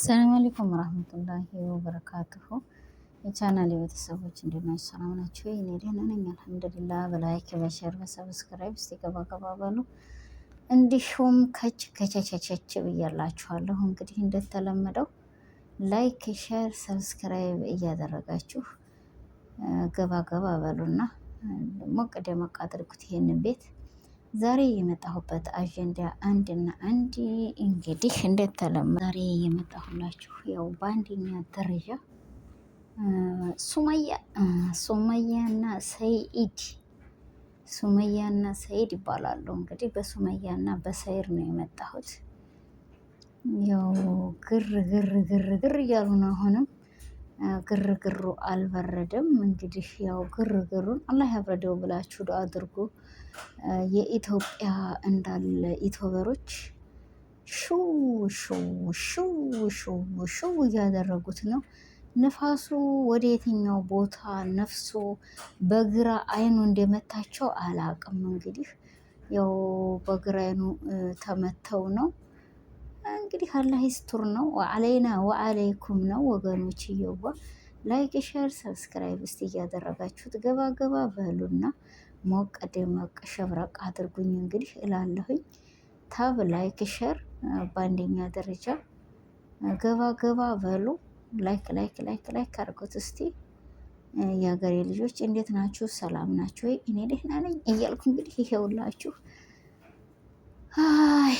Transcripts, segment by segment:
አሰላሙ አለይኩም ወራህመቱላሂ ወበረካቱሁ የቻናል የቤተሰቦች እንዴት ሰላም ናችሁ? እኔ ደህና ነኝ አልሐምዱሊላህ። በላይክ በሸር በሰብስክራይብ እስቲ ገባ ገባ በሉ። እንዲሁም ከች ከቸቸቸች ብያላችኋለሁ። እንግዲህ እንደተለመደው ላይክ ሸር ሰብስክራይብ እያደረጋችሁ ገባ ገባ በሉና ሞቅ ደመቅ አድርጉት ይሄንን ቤት ዛሬ የመጣሁበት አጀንዳ አንድና አንድ እንግዲህ እንደተለመደው ዛሬ የመጣሁላችሁ ያው በአንደኛ ደረጃ ሱመያ ሱመያና ሰይድ ሱመያና ሰይድ ይባላሉ። እንግዲህ በሱመያና በሰይድ ነው የመጣሁት። ያው ግር ግር ግር ግር እያሉ ነው አሁንም ግርግሩ አልበረደም። እንግዲህ ያው ግርግሩን አላህ ያብረደው ብላችሁ ዱአ አድርጉ። የኢትዮጵያ እንዳለ ኢትዮበሮች ሽው እያደረጉት ነው። ንፋሱ ወደ የትኛው ቦታ ነፍሶ በግራ አይኑ እንደመታቸው አላቅም። እንግዲህ ያው በግራ አይኑ ተመተው ነው እንግዲህ አላህ ይስቱር ነው። አለይና ወአለይኩም ነው ወገኖች። እየዋ ላይክ፣ ሸር፣ ሰብስክራይብ እስቲ እያደረጋችሁት ገባ ገባ በሉና ሞቅ ደመቅ ሸብረቅ አድርጉኝ እንግዲህ እላለሁኝ። ታብ ላይክ፣ ሸር በአንደኛ ደረጃ ገባ ገባ በሉ። ላይክ ላይክ ላይክ ላይክ አድርጉት እስቲ። የሀገሬ ልጆች እንዴት ናችሁ? ሰላም ናችሁ ወይ? እኔ ደህና ነኝ እያልኩ እንግዲህ ይሄውላችሁ አይ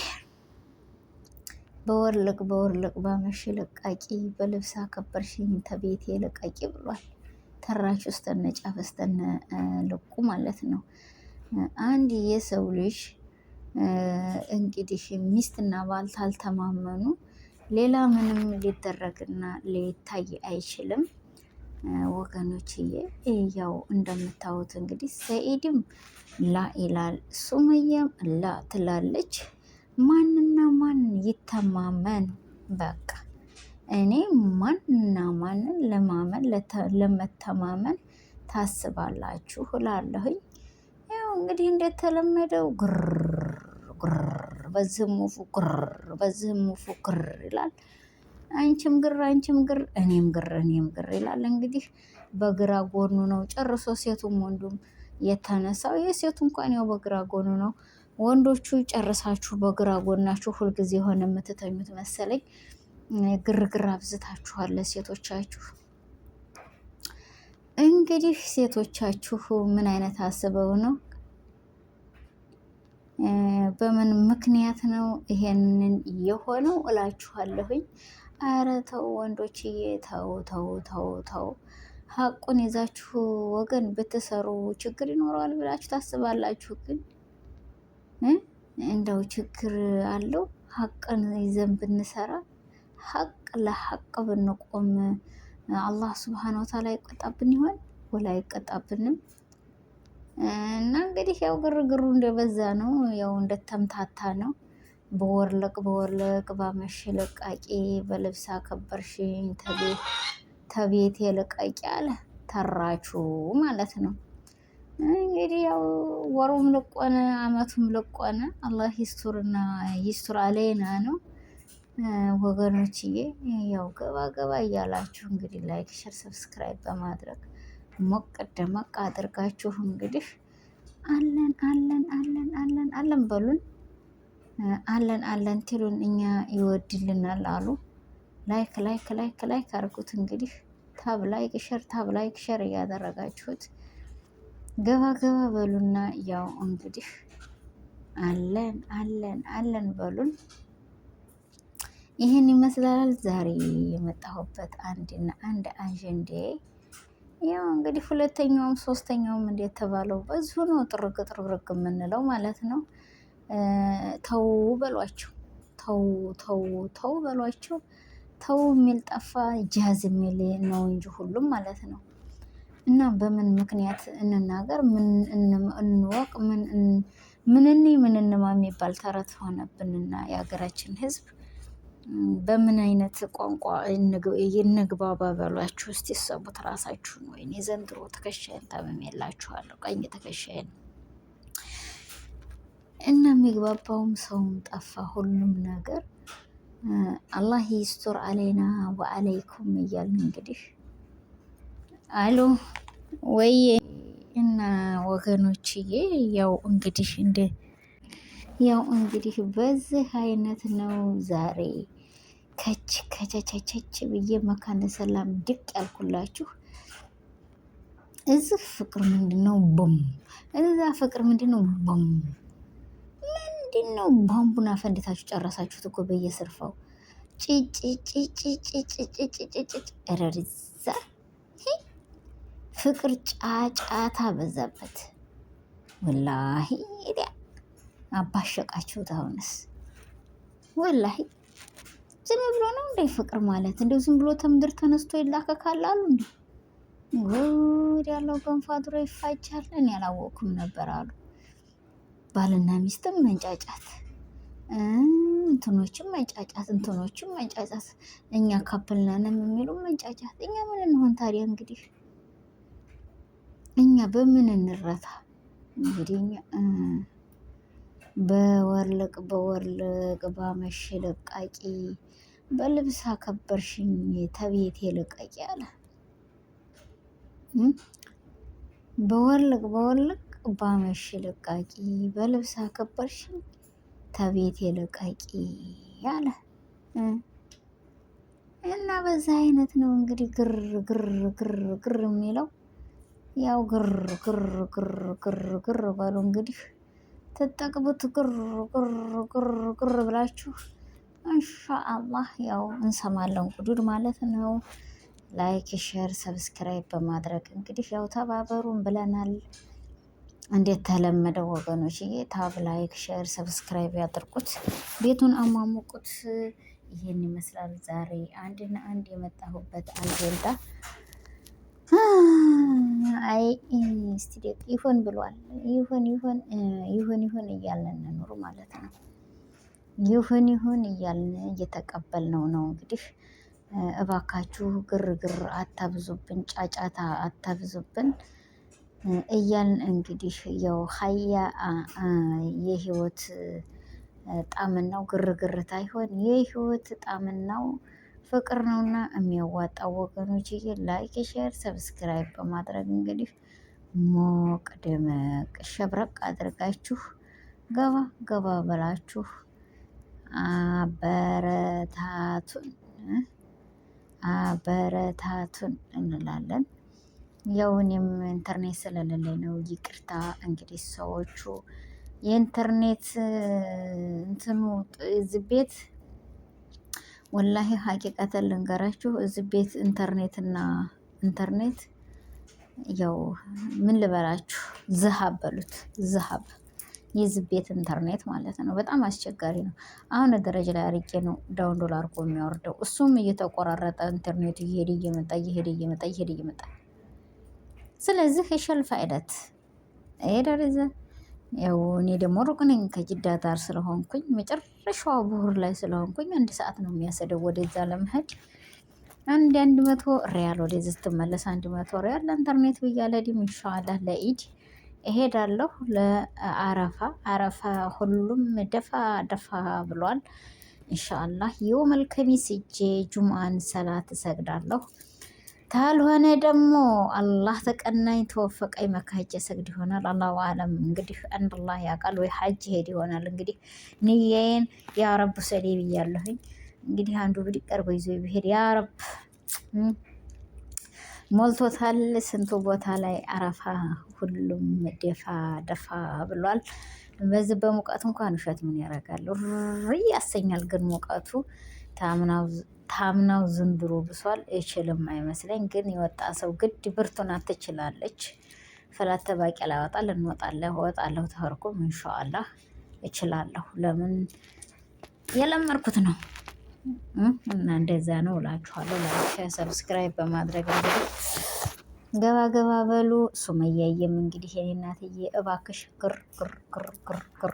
በወርልቅ በወርልቅ በመሽ ለቃቂ በልብስ አከበርሽኝ ተቤቴ ለቃቂ ብሏል። ተራች ውስተነ ጫፍ ውስተነ ልቁ ማለት ነው። አንድ የሰው ልጅ እንግዲህ ሚስትና ባል ታልተማመኑ ሌላ ምንም ሊደረግና ሊታይ አይችልም። ወገኖችዬ ያው እንደምታዩት እንግዲህ ሰኢድም ላ ይላል ሱመያም ላ ትላለች። ማንና ማን ይተማመን? በቃ እኔ ማንና ማንን ለማመን ለመተማመን ታስባላችሁ እላለሁኝ። ያው እንግዲህ እንደተለመደው ግር ግር በዚህም ወፉ ግር በዚህም ግር ይላል። አንቺም ግር አንቺም ግር እኔም ግር እኔም ግር ይላል። እንግዲህ በግራ ጎኑ ነው ጨርሶ ሴቱም ወንዱም የተነሳው። የሴቱ እንኳን ያው በግራ ጎኑ ነው። ወንዶቹ ጨርሳችሁ በግራ ጎናችሁ ሁልጊዜ የሆነ የምትተኙት መሰለኝ። ግርግር አብዝታችኋል ሴቶቻችሁ። እንግዲህ ሴቶቻችሁ ምን አይነት አስበው ነው? በምን ምክንያት ነው ይሄንን የሆነው እላችኋለሁኝ። አረ ተው ወንዶችዬ፣ ተው ተው ተው ተው። ሀቁን ይዛችሁ ወገን ብትሰሩ ችግር ይኖረዋል ብላችሁ ታስባላችሁ ግን እንደው ችግር አለው? ሀቅን ይዘን ብንሰራ ሀቅ ለሀቅ ብንቆም አላህ ስብሓን ወተዓላ አይቆጣብን ይሆን ወላ አይቆጣብንም? እና እንግዲህ ያው ግርግሩ እንደበዛ ነው፣ ያው እንደተምታታ ነው። በወርለቅ በወርለቅ ባመሽ ለቃቂ በልብስ አከበርሽኝ ተቤት የለቃቂ አለ ተራቹ ማለት ነው። እንግዲህ ያው ወሩም ልቆነ አመቱም ልቆነ አላህ ይስቱርና ይስቱር አለይና ነው ወገኖችዬ። ያው ገባ ገባ እያላችሁ እንግዲህ ላይክ፣ ሸር፣ ሰብስክራይብ በማድረግ ሞቅ ደመቅ አድርጋችሁ እንግዲህ አለን አለን አለን አለን አለን በሉን። አለን አለን ትሉን እኛ ይወድልናል አሉ። ላይክ ላይክ ላይክ ላይክ አድርጉት እንግዲህ ታብ ላይክ ሸር ታብ ላይክ ሸር እያደረጋችሁት ገባ ገባ በሉና ያው እንግዲህ አለን አለን አለን በሉን። ይህን ይመስላል ዛሬ የመጣሁበት አንድና አንድ አጀንዴ። ያው እንግዲህ ሁለተኛውም ሶስተኛውም እንደተባለው በዚሁ ነው፣ ጥርግ ጥርግ የምንለው ማለት ነው። ተው በሏቸው፣ ተው ተው ተው በሏቸው። ተው የሚል ጠፋ፣ ጃዝ የሚል ነው እንጂ ሁሉም ማለት ነው። እና በምን ምክንያት እንናገር፣ እንወቅ፣ ምንኔ ምንንማ የሚባል ተረት ሆነብንና የሀገራችን ህዝብ በምን አይነት ቋንቋ እንግባባ በሏችሁ እስቲ ሰቡት ራሳችሁን። ወይ የዘንድሮ ትከሻዬን ታምሜላችኋለሁ፣ ቀኝ ትከሻዬን እና የሚግባባውም ሰውም ጠፋ። ሁሉም ነገር አላህ ይስቱር አሌና ወአለይኩም እያልን እንግዲህ አሉ ወይ እና ወገኖችዬ፣ ያው እንግዲህ እንደ ያው እንግዲህ በዚህ አይነት ነው ዛሬ ከች ከቸቸቸች ብዬ መካነ ሰላም ድቅ ያልኩላችሁ። እዚህ ፍቅር ምንድን ነው ቦም፣ እዛ ፍቅር ምንድን ነው ቦም፣ ምንድን ነው ቦምቡን አፈንድታችሁ ጨረሳችሁት እኮ በየስርፋው ጭጭጭጭጭጭጭጭጭጭ ረድዛ ፍቅር ጫጫታ በዛበት። ወላሂ ዲያ አባሸቃችሁት። አሁንስ ወላሂ ዝም ብሎ ነው እንደ ፍቅር ማለት እንደው ዝም ብሎ ተምድር ተነስቶ ይላከካል አሉ እንዴ? ወድ ያለው ገንፎ አድሮ ይፋጃል። ነበር አሉ ባልና ሚስትም መንጫጫት እንትኖችም መንጫጫት እንትኖችም መንጫጫት እኛ ካፕልናንም የሚሉ መንጫጫት። እኛ ምን እንሆን ታዲያ እንግዲህ እኛ በምን እንረታ? እንግዲህ በወርልቅ በወርልቅ ባመሽ ለቃቂ በልብስ አከበርሽኝ ተቤት የለቃቂ አለ። በወርልቅ በወርልቅ ባመሽ ለቃቂ በልብስ አከበርሽኝ ተቤት የለቃቂ አለ። እና በዛ አይነት ነው እንግዲህ ግር ግር ግር ግር የሚለው ያው ግር ግር ግር ግር ግር በሉ እንግዲህ ትጠቅቡት ግር ግር ግር ግር ብላችሁ እንሻአላህ ያው እንሰማለን ጉዱድ ማለት ነው። ላይክ ሼር ሰብስክራይብ በማድረግ እንግዲህ ያው ተባበሩን ብለናል። እንዴት ተለመደው ወገኖች ታብ ላይክ ሼር ሰብስክራይብ ያድርጉት፣ ቤቱን አሟሙቁት። ይሄን ይመስላል ዛሬ አንድና አንድ የመጣሁበት አጀንዳ አይ ስቲዴቅ ይሁን ብሏል። ይሁን ይሁን ይሁን ይሁን እያልን እንኑር ማለት ነው። ይሁን ይሁን እያልን እየተቀበል ነው ነው እንግዲህ እባካችሁ ግርግር አታብዙብን፣ ጫጫታ አታብዙብን እያልን እንግዲህ ያው ሀያ የህይወት ጣምናው ግርግርታ ይሆን የህይወት ጣምናው ፍቅር ነውና የሚያዋጣው ወገኖችዬ፣ ላይክ፣ ሼር፣ ሰብስክራይብ በማድረግ እንግዲህ ሞቅ ደመቅ ሸብረቅ አድርጋችሁ ገባ ገባ ብላችሁ አበረታቱን አበረታቱን እንላለን። ያውንም ኢንተርኔት ስለሌለ ነው፣ ይቅርታ። እንግዲህ ሰዎቹ የኢንተርኔት እንትኑ ቤት ወላሂ ሀቂቀተን ልንገራችሁ እዚህ ቤት ኢንተርኔትና ኢንተርኔት ያው ምን ልበላችሁ ዝሀብ በሉት ዝሀብ የዚህ ቤት ኢንተርኔት ማለት ነው። በጣም አስቸጋሪ ነው። አሁን ደረጃ ላይ አርቄ ነው ዳውን ዳውንሎድ አድርጎ የሚያወርደው እሱም እየተቆራረጠ ኢንተርኔቱ እየሄደ እየመጣ እየሄደ እየመጣ እየሄደ እየመጣ ስለዚህ የሸልፍ አይነት ይሄ ደረጃ ያው እኔ ደግሞ ሩቅ ነኝ ከጅዳ ዳር ስለሆንኩኝ መጨረሻዋ ቡሁር ላይ ስለሆንኩኝ አንድ ሰዓት ነው የሚያሰደው ወደዛ ለመሄድ አንድ አንድ መቶ ሪያል ወደዚ ስትመለስ አንድ መቶ ሪያል ለኢንተርኔት ዲም ኢንሻላህ ለኢድ እሄዳለሁ ለአረፋ አረፋ ሁሉም ደፋ ደፋ ብሏል። ኢንሻአላህ የውመል ከሚስ እጄ ጁምአን ሰላት እሰግዳለሁ። ካልሆነ ደግሞ አላህ ተቀናኝ ተወፈቀ መካጀ ሰግድ ይሆናል። አላሁ አለም እንግዲህ አንድ አላህ ያውቃል። ወይ ሀጅ ሄድ ይሆናል እንግዲህ ንየን ያ ረብ ሰሌ ብያለሁኝ። እንግዲህ አንዱ ብድ ቀርቦ ይዞ ብሄድ ያ ረብ ሞልቶታል። ስንቱ ቦታ ላይ አረፋ ሁሉም ደፋ ደፋ ብሏል። በዚህ በሙቀት እንኳን ውሸት ምን ሪ ያሰኛል ግን ሙቀቱ ታምናው ዝንብሮ ብሷል። አይችልም አይመስለኝ። ግን የወጣ ሰው ግድ ብርቱና ትችላለች። ፈላተ ባቄላ አወጣል እንወጣለሁ እወጣለሁ ተርኩም ኢንሻአላህ እችላለሁ። ለምን የለመድኩት ነው እና እንደዛ ነው እላችኋለሁ። ላይክ ሰብስክራይብ በማድረግ እንግዲህ ገባ ገባ በሉ። ሱመያየም እንግዲህ የኔ እናትዬ እባክሽ ግር ግር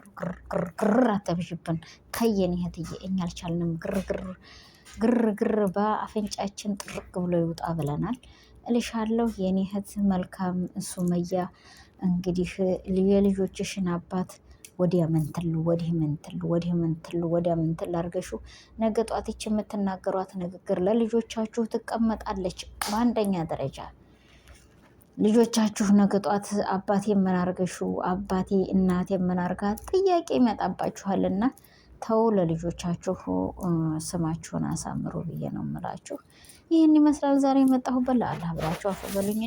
ግር አተብዥብን ከየኔ እህትዬ እኛ አልቻልንም። ግር ግር በአፍንጫችን ጥርቅ ብሎ ይውጣ ብለናል። እልሻለሁ የኔ እህት መልካም ሱመያ እንግዲህ የልጆችሽን አባት ወዲያ ምንትል ወዲህ ምንትል ወዲህ ምንትል ወዲያ ምንትል አድርገሹ ነገ ጧት ይች የምትናገሯት ንግግር ለልጆቻችሁ ትቀመጣለች በአንደኛ ደረጃ ልጆቻችሁ ነገ ጧት አባቴ የምናርገሹ አባቴ እናቴ የምናርጋት ጥያቄ ይመጣባችኋልና ተው ለልጆቻችሁ ስማችሁን አሳምሩ ብዬ ነው የምላችሁ። ይህን ይመስላል ዛሬ የመጣሁበት። ለአላህ ብላችሁ አፈበሉኝ።